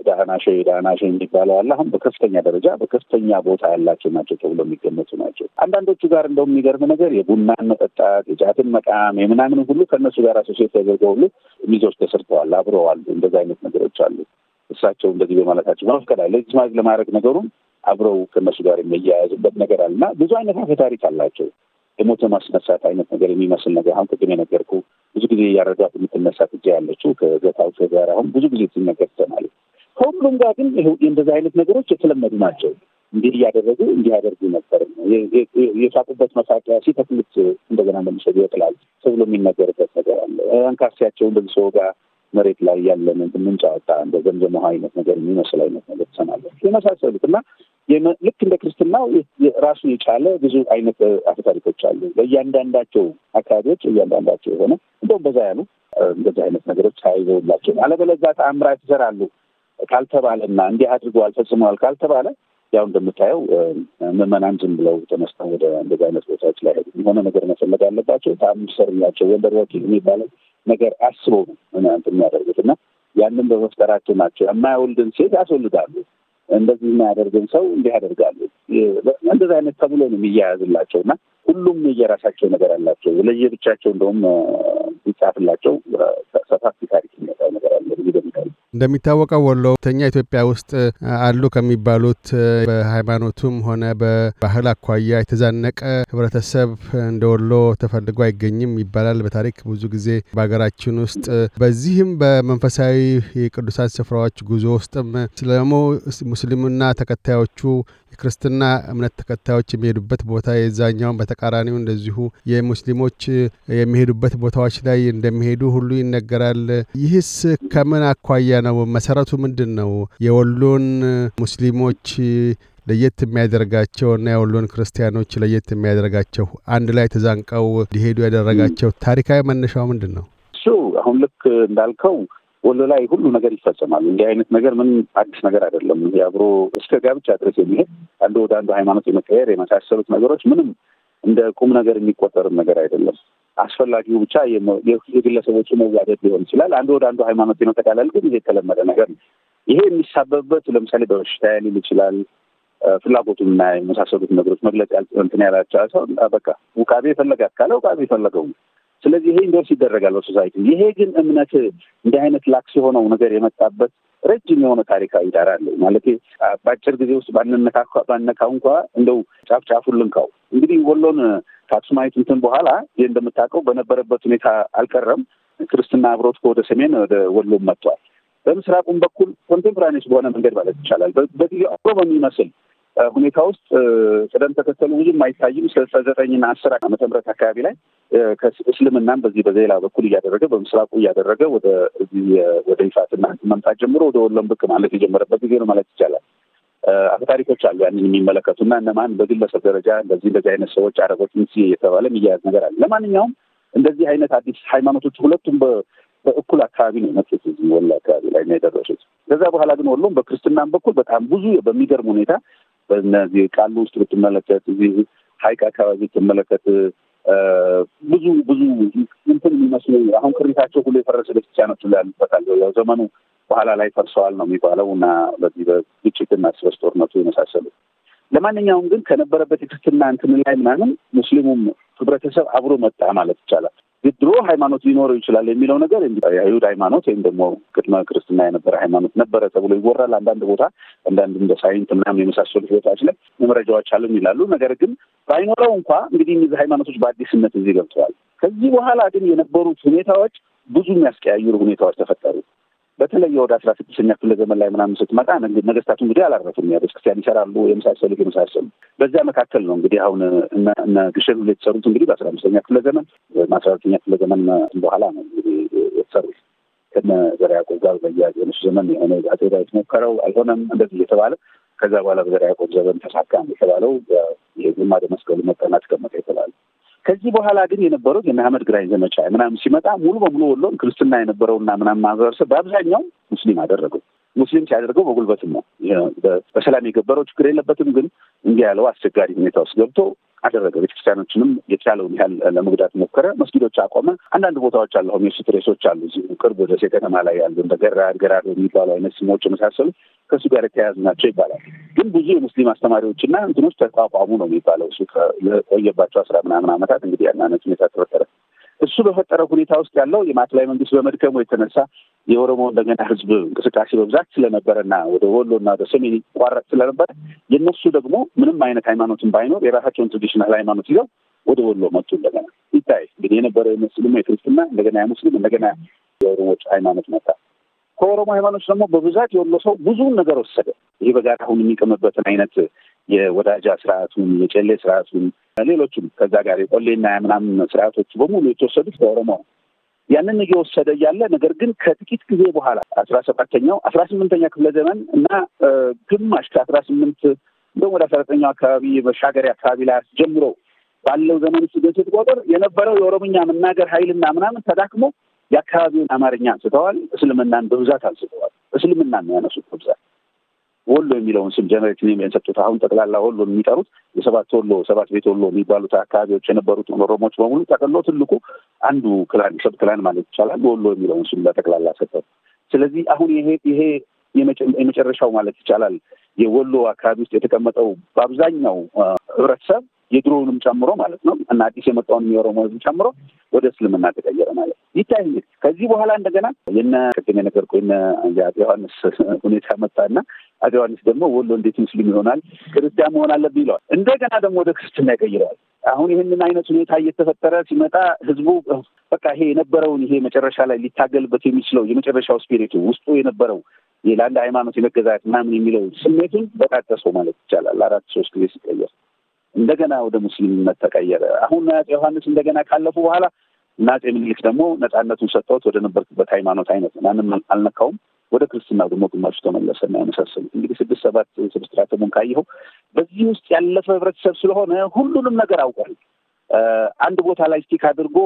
ዳህናሸ ዳህናሸ የሚባለው አለ። አሁን በከፍተኛ ደረጃ በከፍተኛ ቦታ ያላቸው ናቸው ተብሎ የሚገመቱ ናቸው። አንዳንዶቹ ጋር እንደው የሚገርም ነገር የቡናን መጠጣት፣ የጫትን መቃም፣ የምናምን ሁሉ ከእነሱ ጋር አሶሴት ተደርገው ሁሉ ሚዞች ተሰርተዋል፣ አብረዋል። እንደዚ አይነት ነገሮች አሉ። እሳቸው እንደዚህ በማለታቸው በመፍቀድ አለ ለማድረግ ነገሩም አብረው ከእነሱ ጋር የሚያያዙበት ነገር አለና ብዙ አይነት አፈ ታሪክ አላቸው። የሞተ ማስነሳት አይነት ነገር የሚመስል ነገር አሁን ቅድም የነገርኩ ብዙ ጊዜ እያረዷት የምትነሳ ጥጃ ያለችው ከገታዎች ጋር አሁን ብዙ ጊዜ ሲነገር ይሰማል። ከሁሉም ጋር ግን እንደዚህ አይነት ነገሮች የተለመዱ ናቸው። እንዲህ እያደረጉ እንዲህ ያደርጉ ነበር። የሳቁበት መሳቂያ ሲተክሉት እንደገና እንደሚሰሩ ይወቅላል ተብሎ የሚነገርበት ነገር አለ። አንካሴያቸው እንደዚህ ሰው ጋር መሬት ላይ ያለን ምንጫወጣ እንደ ዘምዘም ውሃ አይነት ነገር የሚመስል አይነት ነገር ትሰማለች የመሳሰሉት እና ልክ እንደ ክርስትናው ራሱን የቻለ ብዙ አይነት አፈታሪኮች አሉ። በእያንዳንዳቸው አካባቢዎች እያንዳንዳቸው የሆነ እንደውም በዛ ያሉ እንደዚህ አይነት ነገሮች ተያይዘውላቸው አለበለዛ ተአምራ ይሰራሉ ካልተባለና እንዲህ አድርገዋል ፈጽመዋል ካልተባለ ያው እንደምታየው ምዕመናን ዝም ብለው ተነስተው ወደ እንደዚህ አይነት ቦታዎች ላይ የሆነ ነገር መፈለግ አለባቸው። ተአምር ሰርኛቸው ወንበር ወኪል የሚባለው ነገር አስበው ነው እናንተ የሚያደርጉት እና ያንን በመፍጠራቸው ናቸው። የማይወልድን ሴት ያስወልዳሉ። እንደዚህ የማያደርግን ሰው እንዲህ ያደርጋሉ። እንደዚህ አይነት ተብሎ ነው የሚያያዝላቸው እና ሁሉም የራሳቸው ነገር አላቸው። ለየ ብቻቸው እንደውም ቢጻፍላቸው ሰፋፊ ታሪክ የሚያሳይ ነገር አለ። እንደሚታወቀው ወሎ ተኛ ኢትዮጵያ ውስጥ አሉ ከሚባሉት በሃይማኖቱም ሆነ በባህል አኳያ የተዛነቀ ህብረተሰብ እንደ ወሎ ተፈልጎ አይገኝም ይባላል በታሪክ ብዙ ጊዜ በሀገራችን ውስጥ። በዚህም በመንፈሳዊ የቅዱሳን ስፍራዎች ጉዞ ውስጥም ስለሞ ሙስሊሙና ተከታዮቹ የክርስትና እምነት ተከታዮች የሚሄዱበት ቦታ የዛኛውን በተቃራኒው እንደዚሁ የሙስሊሞች የሚሄዱበት ቦታዎች ላይ እንደሚሄዱ ሁሉ ይነገራል። ይህስ ከምን አኳያ ነው? መሰረቱ ምንድን ነው? የወሎን ሙስሊሞች ለየት የሚያደርጋቸው እና የወሎን ክርስቲያኖች ለየት የሚያደርጋቸው አንድ ላይ ተዛንቀው ሊሄዱ ያደረጋቸው ታሪካዊ መነሻው ምንድን ነው? እሱ አሁን ልክ እንዳልከው ወሎ ላይ ሁሉ ነገር ይፈጸማል። እንዲህ አይነት ነገር ምን አዲስ ነገር አይደለም። የአብሮ እስከ ጋብቻ ድረስ የሚሄድ አንዱ ወደ አንዱ ሃይማኖት የመቀየር የመሳሰሉት ነገሮች ምንም እንደ ቁም ነገር የሚቆጠርም ነገር አይደለም። አስፈላጊው ብቻ የግለሰቦቹ መዋደድ ሊሆን ይችላል። አንዱ ወደ አንዱ ሃይማኖት የመጠቃለል ግን ይሄ የተለመደ ነገር ነው። ይሄ የሚሳበብበት ለምሳሌ በበሽታ ሊል ይችላል ፍላጎቱንና የመሳሰሉት ነገሮች መግለጽ እንትን ያላቸው ሰው በቃ ውቃቤ የፈለጋት ካለ ውቃቤ የፈለገው ነው ስለዚህ ይሄ ኢንዶርስ ይደረጋል በሶሳይቲ። ይሄ ግን እምነት እንዲህ አይነት ላክስ የሆነው ነገር የመጣበት ረጅም የሆነ ታሪካዊ ዳራ አለው። ማለት በአጭር ጊዜ ውስጥ ባነካው እንኳ እንደው ጫፍ ጫፉን ልንካው። እንግዲህ ወሎን ከአክሱማዊት እንትን በኋላ ይህ እንደምታውቀው በነበረበት ሁኔታ አልቀረም። ክርስትና አብሮት ከወደ ሰሜን ወደ ወሎም መጥቷል። በምስራቁም በኩል ኮንቴምፖራኒስ በሆነ መንገድ ማለት ይቻላል በጊዜው አብሮ በሚመስል ሁኔታ ውስጥ ቅደም ተከተሉ ብዙም አይታይም። ስልሳ ዘጠኝና አስር ዓመተ ምህረት አካባቢ ላይ እስልምናም በዚህ በሌላ በኩል እያደረገ በምስራቁ እያደረገ ወደ ይፋትና መምጣት ጀምሮ ወደ ወሎም ብቅ ማለት የጀመረበት ጊዜ ነው ማለት ይቻላል። ታሪኮች አሉ ያንን የሚመለከቱ እና እነማን በግለሰብ ደረጃ እንደዚህ እንደዚህ አይነት ሰዎች አረቦች ምስ የተባለ የሚያያዝ ነገር አለ። ለማንኛውም እንደዚህ አይነት አዲስ ሃይማኖቶች ሁለቱም በእኩል አካባቢ ነው የመጡት ወሎ አካባቢ ላይ ነው የደረሱት። ከዛ በኋላ ግን ወሎም በክርስትናም በኩል በጣም ብዙ በሚገርም ሁኔታ በነዚህ ቃሉ ውስጥ ብትመለከት፣ እዚህ ሀይቅ አካባቢ ብትመለከት ብዙ ብዙ እንትን የሚመስሉ አሁን ቅሪታቸው ሁሉ የፈረሰ ነው ያሉበታል። ያው ዘመኑ በኋላ ላይ ፈርሰዋል ነው የሚባለው እና በዚህ በግጭትና እርስ በርስ ጦርነቱ የመሳሰሉ ለማንኛውም ግን ከነበረበት የክርስትና እንትን ላይ ምናምን ሙስሊሙም ህብረተሰብ አብሮ መጣ ማለት ይቻላል። ድሮ ሃይማኖት ሊኖረው ይችላል የሚለው ነገር የአይሁድ ሃይማኖት ወይም ደግሞ ቅድመ ክርስትና የነበረ ሃይማኖት ነበረ ተብሎ ይወራል። አንዳንድ ቦታ አንዳንድ እንደ ሳይንት ምናምን የመሳሰሉት ቦታዎች ላይ መረጃዎች አሉም ይላሉ። ነገር ግን ባይኖረው እንኳ እንግዲህ እነዚህ ሃይማኖቶች በአዲስነት እዚህ ገብተዋል። ከዚህ በኋላ ግን የነበሩት ሁኔታዎች ብዙ የሚያስቀያይሩ ሁኔታዎች ተፈጠሩ። በተለይ ወደ አስራ ስድስተኛ ክፍለ ዘመን ላይ ምናምን ስትመጣ ነገስታቱ እንግዲህ አላረፉም። ቤተክርስቲያን ይሰራሉ የመሳሰሉት የመሳሰሉ በዚያ መካከል ነው እንግዲህ አሁን እነ ግሸን የተሰሩት እንግዲህ በአስራ አምስተኛ ክፍለ ዘመን አስራ አራተኛ ክፍለ ዘመን በኋላ ነው እንግዲህ የተሰሩት ከነ ዘርዓ ያዕቆብ ጋር በያዝ የነሱ ዘመን የሆነ አጼ ዳዊት ሞከረው አልሆነም፣ እንደዚህ እየተባለ ከዛ በኋላ በዘርዓ ያዕቆብ ዘመን ተሳካ የተባለው የግማደ መስቀሉ መጠና ተቀመጠ የተባለ ከዚህ በኋላ ግን የነበረው የአህመድ ግራኝ ዘመቻ ምናምን ሲመጣ ሙሉ በሙሉ ወሎን ክርስትና የነበረውና ምናምን ማህበረሰብ በአብዛኛው ሙስሊም አደረገው። ሙስሊም ሲያደርገው በጉልበትም ነው። በሰላም የገበረው ችግር የለበትም። ግን እንዲህ ያለው አስቸጋሪ ሁኔታ ውስጥ ገብቶ አደረገ። ቤተክርስቲያኖችንም የተቻለውን ያህል ለመጉዳት ሞከረ። መስጊዶች አቆመ። አንዳንድ ቦታዎች አለ አሁን ስትሬሶች አሉ፣ እዚሁ ቅርብ ወደሴ ከተማ ላይ ያሉ እንደ ገራ ገራድ የሚባሉ አይነት ስሞች የመሳሰሉ ከእሱ ጋር የተያያዙ ናቸው ይባላል። ግን ብዙ የሙስሊም አስተማሪዎች አስተማሪዎችና እንትኖች ተቋቋሙ ነው የሚባለው። እሱ የቆየባቸው አስራ ምናምን ዓመታት እንግዲህ ያናነት ሁኔታ ተፈጠረ። እሱ በፈጠረው ሁኔታ ውስጥ ያለው የማዕከላዊ መንግስት በመድከሙ የተነሳ የኦሮሞ እንደገና ህዝብ እንቅስቃሴ በብዛት ስለነበረና ወደ ወሎ እና ወደ ሰሜን ይቋረጥ ስለነበረ የነሱ ደግሞ ምንም አይነት ሃይማኖትን ባይኖር የራሳቸውን ትራዲሽናል ሃይማኖት ይዘው ወደ ወሎ መጡ። እንደገና ይታይ እንግዲህ የነበረ የመስልማ የክርስትና እንደገና የሙስሊም እንደገና የኦሮሞች ሃይማኖት መጣ። ከኦሮሞ ሃይማኖት ደግሞ በብዛት የወሎ ሰው ብዙውን ነገር ወሰደ። ይህ በጋራ አሁን የሚቀመበትን አይነት የወዳጃ ስርዓቱን፣ የጨሌ ስርዓቱን፣ ሌሎቹም ከዛ ጋር የቆሌና የምናምን ስርዓቶች በሙሉ የተወሰዱት ከኦሮሞ ያንን እየወሰደ እያለ ነገር ግን ከጥቂት ጊዜ በኋላ አስራ ሰባተኛው አስራ ስምንተኛ ክፍለ ዘመን እና ግማሽ ከአስራ ስምንት እንደውም ወደ አስራ ዘጠኛው አካባቢ መሻገሪያ አካባቢ ላይ አስጀምሮ ባለው ዘመን ስደት ስትቆጥር የነበረው የኦሮምኛ መናገር ኃይልና ምናምን ተዳክሞ የአካባቢውን አማርኛ አንስተዋል። እስልምናን በብዛት አንስተዋል። እስልምናን ነው ያነሱት በብዛት ወሎ የሚለውን ስም ጀነሬት ኔም የሰጡት አሁን ጠቅላላ ወሎ የሚጠሩት የሰባት ወሎ ሰባት ቤት ወሎ የሚባሉት አካባቢዎች የነበሩት ኦሮሞዎች በሙሉ ጠቅሎ ትልቁ አንዱ ክላን ሰብ ክላን ማለት ይቻላል ወሎ የሚለውን ስም ለጠቅላላ ሰጠው። ስለዚህ አሁን ይሄ ይሄ የመጨረሻው ማለት ይቻላል የወሎ አካባቢ ውስጥ የተቀመጠው በአብዛኛው ህብረተሰብ የድሮውንም ጨምሮ ማለት ነው እና አዲስ የመጣውን የኦሮሞ ህዝብ ጨምሮ ወደ እስልምና ተቀየረ ማለት ይታይ። ከዚህ በኋላ እንደገና የነ ቅድም የነገርኩህ የነ ዮሐንስ ሁኔታ መጣ መጣና አፄ ዮሐንስ ደግሞ ወሎ እንዴት ሙስሊም ይሆናል? ክርስቲያን መሆን አለብ ይለዋል። እንደገና ደግሞ ወደ ክርስትና ይቀይረዋል። አሁን ይህንን አይነት ሁኔታ እየተፈጠረ ሲመጣ ህዝቡ በቃ ይሄ የነበረውን ይሄ መጨረሻ ላይ ሊታገልበት የሚችለው የመጨረሻው ስፒሪቱ ውስጡ የነበረው ለአንድ ሃይማኖት የመገዛት ምናምን የሚለው ስሜቱን በጣጠሰው ማለት ይቻላል። አራት ሶስት ጊዜ ሲቀየር እንደገና ወደ ሙስሊምነት ተቀየረ። አሁን አፄ ዮሐንስ እንደገና ካለፉ በኋላ እና አፄ ምኒልክ ደግሞ ነፃነቱን ሰጥተውት ወደ ነበርኩበት ሃይማኖት አይነት ማንም አልነካውም ወደ ክርስትና ደግሞ ግማሹ ተመለሰና የመሳሰሉ እንግዲህ ስድስት ሰባት ስብስትራተሙን ካየኸው በዚህ ውስጥ ያለፈ ህብረተሰብ ስለሆነ ሁሉንም ነገር አውቋል። አንድ ቦታ ላይ ስቲክ አድርጎ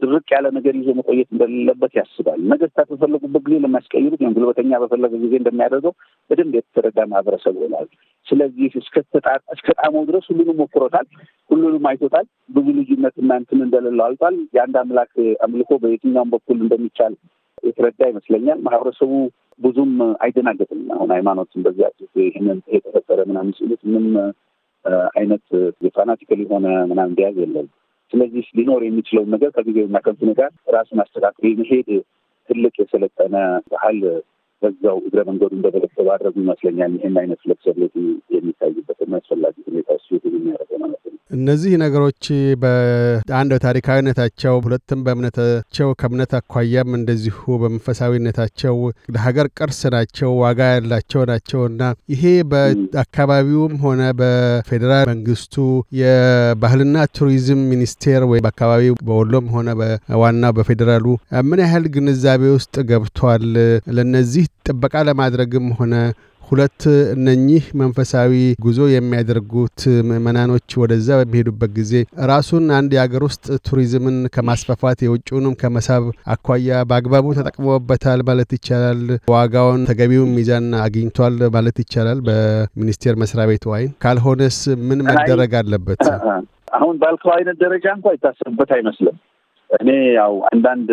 ድርቅ ያለ ነገር ይዞ መቆየት እንደሌለበት ያስባል። ነገስታት በፈለጉበት ጊዜ ለሚያስቀይሩት ወይም ጉልበተኛ በፈለገ ጊዜ እንደሚያደርገው በደንብ የተረዳ ማህበረሰብ ሆናል። ስለዚህ እስከ ጣመው ድረስ ሁሉንም ሞክሮታል፣ ሁሉንም አይቶታል። ብዙ ልዩነት እና እንትን እንደሌለው አልቷል። የአንድ አምላክ አምልኮ በየትኛውም በኩል እንደሚቻል የተረዳ ይመስለኛል። ማህበረሰቡ ብዙም አይደናገጥም። አሁን ሃይማኖትም በዚያ ጊዜ ይህንን የተፈጠረ ምናምን ሲሉት ምንም አይነት የፋናቲካል የሆነ ምናምን ቢያዝ የለም። ስለዚህ ሊኖር የሚችለውን ነገር ከጊዜውና ከንቱ ጋር ራሱን አስተካክሎ መሄድ ትልቅ የሰለጠነ ባህል በዛው እግረ መንገዱ እንደበለሰ ባድረጉ ይመስለኛል። ይህን አይነት ፍለክሰብሌቲ የሚታይበትና አስፈላጊ ሁኔታ እሱ የሚያደረገ ማለት ነው። እነዚህ ነገሮች በአንድ በታሪካዊነታቸው ሁለትም በእምነታቸው ከእምነት አኳያም እንደዚሁ በመንፈሳዊነታቸው ለሀገር ቅርስ ናቸው፣ ዋጋ ያላቸው ናቸው እና ይሄ በአካባቢውም ሆነ በፌዴራል መንግስቱ የባህልና ቱሪዝም ሚኒስቴር ወይ በአካባቢው በወሎም ሆነ በዋናው በፌዴራሉ ምን ያህል ግንዛቤ ውስጥ ገብቷል ለነዚህ ጥበቃ ለማድረግም ሆነ ሁለት እነኚህ መንፈሳዊ ጉዞ የሚያደርጉት ምእመናኖች ወደዛ በሚሄዱበት ጊዜ ራሱን አንድ የአገር ውስጥ ቱሪዝምን ከማስፋፋት የውጭውንም ከመሳብ አኳያ በአግባቡ ተጠቅሞበታል ማለት ይቻላል። ዋጋውን ተገቢውን ሚዛን አግኝቷል ማለት ይቻላል በሚኒስቴር መስሪያ ቤቱ አይን። ካልሆነስ ምን መደረግ አለበት? አሁን ባልከው አይነት ደረጃ እንኳ የታሰብበት አይመስልም። እኔ ያው አንዳንድ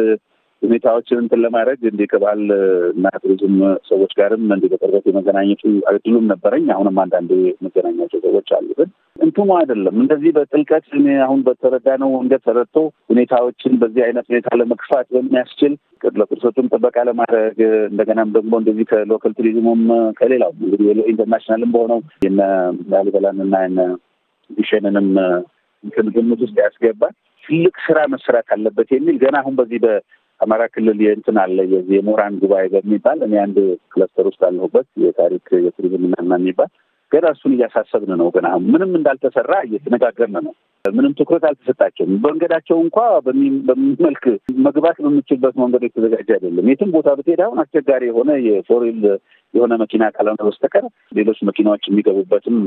ሁኔታዎችን እንትን ለማድረግ እንዲህ ከባህል እና ቱሪዝም ሰዎች ጋርም እንዲህ በቅርበት የመገናኘቱ እድሉም ነበረኝ። አሁንም አንዳንዴ የመገናኛቸው ሰዎች አሉ። ግን እንትኑ አይደለም እንደዚህ በጥልቀት እኔ አሁን በተረዳ ነው ተረድቶ ሁኔታዎችን በዚህ አይነት ሁኔታ ለመግፋት በሚያስችል ለቁርሰቱም ጥበቃ ለማድረግ እንደገናም ደግሞ እንደዚህ ከሎካል ቱሪዝሙም ከሌላው እንግዲህ ኢንተርናሽናልም በሆነው የነ ላሊበላን እና የነ ግሸንንም ግምት ውስጥ ያስገባል ትልቅ ስራ መስራት አለበት የሚል ገና አሁን በዚህ አማራ ክልል የእንትን አለ የዚህ የምሁራን ጉባኤ በሚባል እኔ አንድ ክለስተር ውስጥ አለሁበት የታሪክ የቱሪዝም ምናምን የሚባል ገና እሱን እያሳሰብን ነው። ገና ምንም እንዳልተሰራ እየተነጋገርን ነው። ምንም ትኩረት አልተሰጣቸውም። መንገዳቸው እንኳ በሚመልክ መግባት በምችልበት መንገድ የተዘጋጀ አይደለም። የትም ቦታ ብትሄድ አሁን አስቸጋሪ የሆነ የፎሪል የሆነ መኪና ካልሆነ በስተቀር ሌሎች መኪናዎች የሚገቡበትም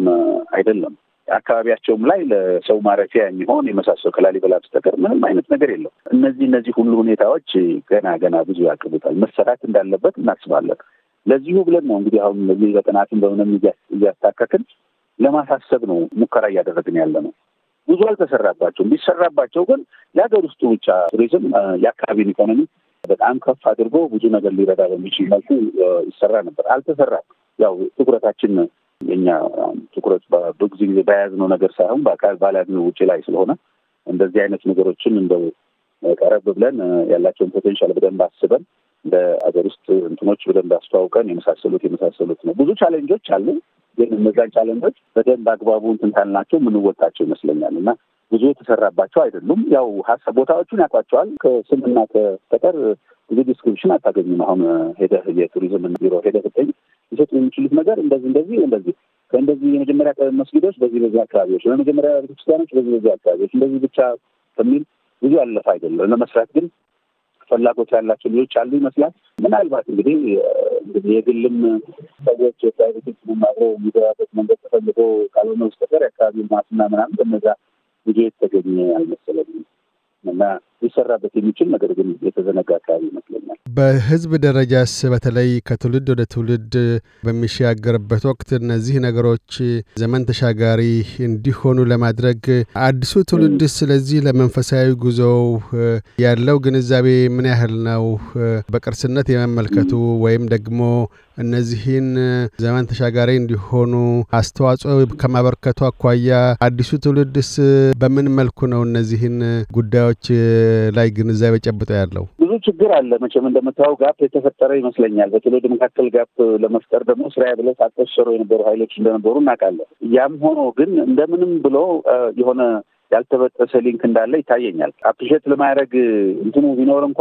አይደለም። አካባቢያቸውም ላይ ለሰው ማረፊያ የሚሆን የመሳሰሉ ከላሊበላ በስተቀር ምንም አይነት ነገር የለው። እነዚህ እነዚህ ሁሉ ሁኔታዎች ገና ገና ብዙ ያቅቡታል፣ መሰራት እንዳለበት እናስባለን። ለዚሁ ብለን ነው እንግዲህ አሁን እዚህ በጥናትን በምንም እያስታከክን ለማሳሰብ ነው ሙከራ እያደረግን ያለ ነው። ብዙ አልተሰራባቸውም። ቢሰራባቸው ግን የሀገር ውስጡ ብቻ ቱሪዝም የአካባቢን ኢኮኖሚ በጣም ከፍ አድርጎ ብዙ ነገር ሊረዳ በሚችል መልኩ ይሰራ ነበር። አልተሰራም። ያው ትኩረታችን የኛ ትኩረት በብዙ ጊዜ በያዝነው ነገር ሳይሆን ባላግነው ውጭ ላይ ስለሆነ እንደዚህ አይነት ነገሮችን እንደው ቀረብ ብለን ያላቸውን ፖቴንሻል በደንብ አስበን ለአገር ውስጥ እንትኖች በደንብ አስተዋውቀን የመሳሰሉት የመሳሰሉት ነው። ብዙ ቻሌንጆች አሉ። ግን እነዛን ቻሌንጆች በደንብ አግባቡ እንትን ካልናቸው የምንወጣቸው ይመስለኛል እና ብዙ የተሰራባቸው አይደሉም። ያው ሀሳብ ቦታዎቹን ያውቋቸዋል። ከስምና ከጠቀር ብዙ ዲስክሪፕሽን አታገኝም። አሁን ሄደህ የቱሪዝም ቢሮ ሄደህ ስጠኝ ሊሰጡ የሚችሉት ነገር እንደዚህ እንደዚህ እንደዚህ ከእንደዚህ የመጀመሪያ መስጊዶች በዚህ በዚህ አካባቢዎች፣ ለመጀመሪያ ቤተክርስቲያኖች በዚህ በዚህ አካባቢዎች እንደዚህ ብቻ ከሚል ብዙ ያለፈ አይደለም። ለመስራት ግን ፍላጎት ያላቸው ልጆች አሉ ይመስላል። ምናልባት እንግዲህ እንግዲህ የግልም ሰዎች የፕራይቬቶች አብረው የሚገባበት መንገድ ተፈልጎ ካልሆነ ቀር የአካባቢ ልማትና ምናምን በነዛ ብዙ የተገኘ አልመሰለኝም እና ሊሰራበት የሚችል ነገር ግን የተዘነጋ አካባቢ ይመስለኛል። በህዝብ ደረጃስ በተለይ ከትውልድ ወደ ትውልድ በሚሻገርበት ወቅት እነዚህ ነገሮች ዘመን ተሻጋሪ እንዲሆኑ ለማድረግ አዲሱ ትውልድ ስለዚህ ለመንፈሳዊ ጉዞው ያለው ግንዛቤ ምን ያህል ነው? በቅርስነት የመመልከቱ ወይም ደግሞ እነዚህን ዘመን ተሻጋሪ እንዲሆኑ አስተዋጽኦ ከማበርከቱ አኳያ አዲሱ ትውልድስ በምን መልኩ ነው እነዚህን ጉዳዮች ላይ ግንዛቤ ጨብጦ ያለው? ብዙ ችግር አለ መቼም እንደምታየው ጋፕ የተፈጠረ ይመስለኛል። በትውልድ መካከል ጋፕ ለመፍጠር ደግሞ ስራ ብለ ሳቀሰሩ የነበሩ ኃይሎች እንደነበሩ እናውቃለን። ያም ሆኖ ግን እንደምንም ብሎ የሆነ ያልተበጠሰ ሊንክ እንዳለ ይታየኛል። አፕሪሼት ለማድረግ እንትኑ ቢኖር እንኳ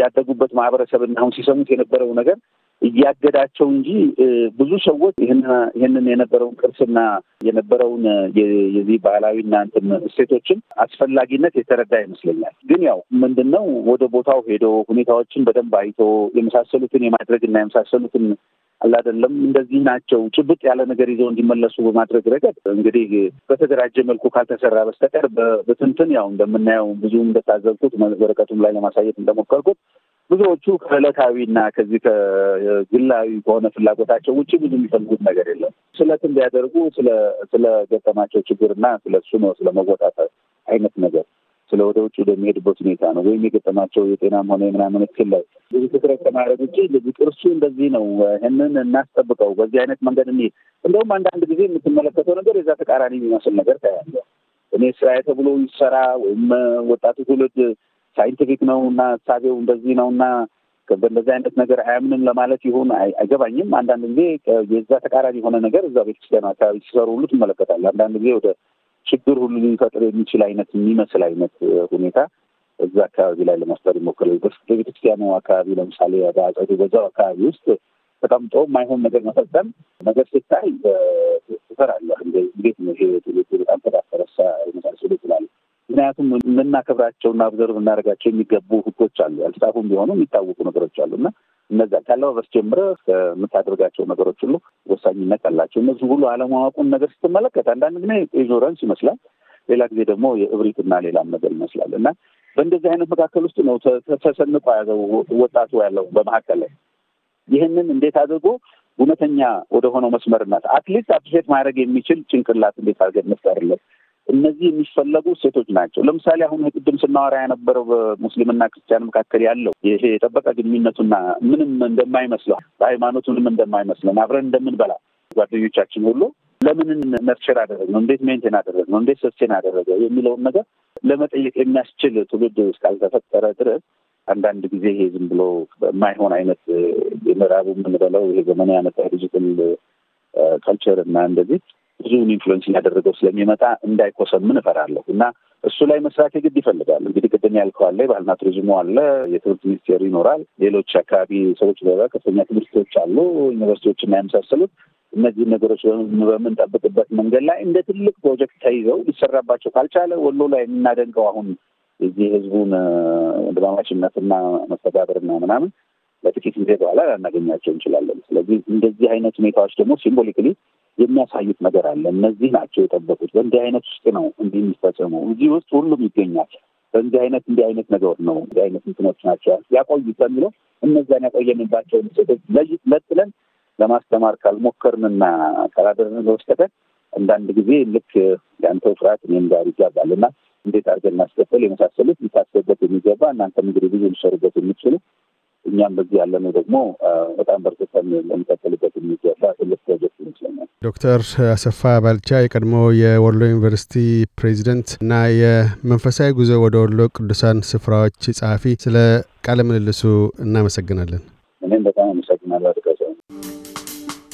ያደጉበት ማህበረሰብ አሁን ሲሰሙት የነበረው ነገር እያገዳቸው እንጂ ብዙ ሰዎች ይህንን የነበረውን ቅርስና የነበረውን የዚህ ባህላዊ እንትን እሴቶችን አስፈላጊነት የተረዳ ይመስለኛል። ግን ያው ምንድን ነው ወደ ቦታው ሄዶ ሁኔታዎችን በደንብ አይቶ የመሳሰሉትን የማድረግና የመሳሰሉትን አላደለም እንደዚህ ናቸው ጭብጥ ያለ ነገር ይዘው እንዲመለሱ በማድረግ ረገድ እንግዲህ በተደራጀ መልኩ ካልተሰራ በስተቀር በትንትን ያው እንደምናየው ብዙ እንደታዘብኩት ወረቀቱም ላይ ለማሳየት እንደሞከርኩት ብዙዎቹ ከዕለታዊና ከዚህ ከግላዊ ከሆነ ፍላጎታቸው ውጭ ብዙ የሚፈልጉት ነገር የለም። ስለትን ቢያደርጉ ስለ ችግርና ስለ እሱ ነው ስለ መወጣት አይነት ነገር ስለ ወደ ውጭ ወደሚሄድበት ሁኔታ ነው ወይም የገጠማቸው የጤናም ሆነ የምናምን እክል ላይ ብዙ ትኩረት ከማድረግ ውጭ ልጅ ቅርሱ እንደዚህ ነው፣ ይህንን እናስጠብቀው፣ በዚህ አይነት መንገድ እንሂድ። እንደውም አንዳንድ ጊዜ የምትመለከተው ነገር የዛ ተቃራኒ የሚመስል ነገር ታያለ። እኔ ስራ ተብሎ ይሰራ ወይም ወጣቱ ትውልድ ሳይንቲፊክ ነው እና እሳቤው እንደዚህ ነው እና በእንደዚህ አይነት ነገር አያምንም ለማለት ይሁን አይገባኝም። አንዳንድ ጊዜ የዛ ተቃራኒ የሆነ ነገር እዛ ቤተክርስቲያን አካባቢ ሲሰሩ ሁሉ ትመለከታል። አንዳንድ ጊዜ ወደ ችግር ሁሉ ሊፈጥር የሚችል አይነት የሚመስል አይነት ሁኔታ እዛ አካባቢ ላይ ለመፍጠር ይሞክራል። በቤተክርስቲያኑ አካባቢ ለምሳሌ በአጸዱ በዛው አካባቢ ውስጥ ተቀምጦ የማይሆን ነገር መፈጸም ነገር ስታይ ትፈራለህ። እንዴት ነው ይሄ ትውልድ በጣም ተዳፈረሳ መሳሰሉ ይችላል። ምክንያቱም ልናከብራቸውና ኦብዘርቭ እናደርጋቸው የሚገቡ ህጎች አሉ። ያልጻፉም ቢሆኑ የሚታወቁ ነገሮች አሉ እና እነዛ ካለባበስ ጀምረ ከምታደርጋቸው ነገሮች ሁሉ ወሳኝነት አላቸው። እነዚህ ሁሉ አለማወቁን ነገር ስትመለከት አንዳንድ ጊዜ ኢግኖረንስ ይመስላል፣ ሌላ ጊዜ ደግሞ የእብሪትና ሌላም ነገር ይመስላል እና በእንደዚህ አይነት መካከል ውስጥ ነው ተሰንቆ ያዘው ወጣቱ ያለው በመካከል ላይ ይህንን እንዴት አድርጎ እውነተኛ ወደሆነው መስመርናት አትሊስት አፕሴት ማድረግ የሚችል ጭንቅላት እንዴት አድርገን መፍጠርለት እነዚህ የሚፈለጉ እሴቶች ናቸው። ለምሳሌ አሁን ቅድም ስናወራ የነበረው በሙስሊምና ክርስቲያን መካከል ያለው ይሄ የጠበቀ ግንኙነቱና ምንም እንደማይመስለው በሃይማኖት ምንም እንደማይመስለን አብረን እንደምንበላ ጓደኞቻችን ሁሉ ለምንን ነርቸር ነው እንዴት ሜንቴን አደረግ ነው እንዴት ሰስቴን አደረገ የሚለውን ነገር ለመጠየቅ የሚያስችል ትውልድ እስካልተፈጠረ ድረስ አንዳንድ ጊዜ ይሄ ዝም ብሎ በማይሆን አይነት የምዕራቡ የምንበለው ይሄ ዘመን ያመጣ ዲጂታል ካልቸር እና እንደዚህ ብዙውን ኢንፍሉዌንስ እያደረገው ስለሚመጣ እንዳይኮሰምን እፈራለሁ እና እሱ ላይ መስራት የግድ ይፈልጋል። እንግዲህ ቅድም ያልከው አለ፣ ቱሪዝሙ አለ፣ የትምህርት ሚኒስቴር ይኖራል፣ ሌሎች አካባቢ ሰዎች ከፍተኛ ትምህርቶች አሉ፣ ዩኒቨርሲቲዎች እና የመሳሰሉት እነዚህ ነገሮች በምንጠብቅበት መንገድ ላይ እንደ ትልቅ ፕሮጀክት ተይዘው ሊሰራባቸው ካልቻለ ወሎ ላይ የምናደንቀው አሁን እዚህ ህዝቡን ወንድማማችነትና መስተጋብርና ምናምን ለጥቂት ጊዜ በኋላ ላናገኛቸው እንችላለን። ስለዚህ እንደዚህ አይነት ሁኔታዎች ደግሞ ሲምቦሊክሊ የሚያሳዩት ነገር አለ። እነዚህ ናቸው የጠበቁት። በእንዲህ አይነት ውስጥ ነው እንዲህ የሚፈጽመው። እዚህ ውስጥ ሁሉም ይገኛል። በእንዲህ አይነት እንዲህ አይነት ነገር ነው እንዲህ አይነት እንትኖች ናቸው ያቆዩ ከሚለው እነዛን ያቆየንባቸው ሴቶች ለይት ለጥለን ለማስተማር ካልሞከርንና ካላደረግን ለወስከተን አንዳንድ ጊዜ ልክ የአንተው ስርዓት እኔም ጋር ይጋባል እና እንዴት አድርገን ማስቀጠል የመሳሰሉት ሊታሰበት የሚገባ እናንተም እንግዲህ ብዙ ሊሰሩበት የሚችሉ እኛም በዚህ ያለነው ደግሞ በጣም በርትተን ልንቀጥልበት የሚገባ ትልቅ ዶክተር አሰፋ ባልቻ የቀድሞ የወሎ ዩኒቨርሲቲ ፕሬዚደንት እና የመንፈሳዊ ጉዞ ወደ ወሎ ቅዱሳን ስፍራዎች ጸሐፊ፣ ስለ ቃለ ምልልሱ እናመሰግናለን። እኔም በጣም አመሰግናለሁ አድጋጫ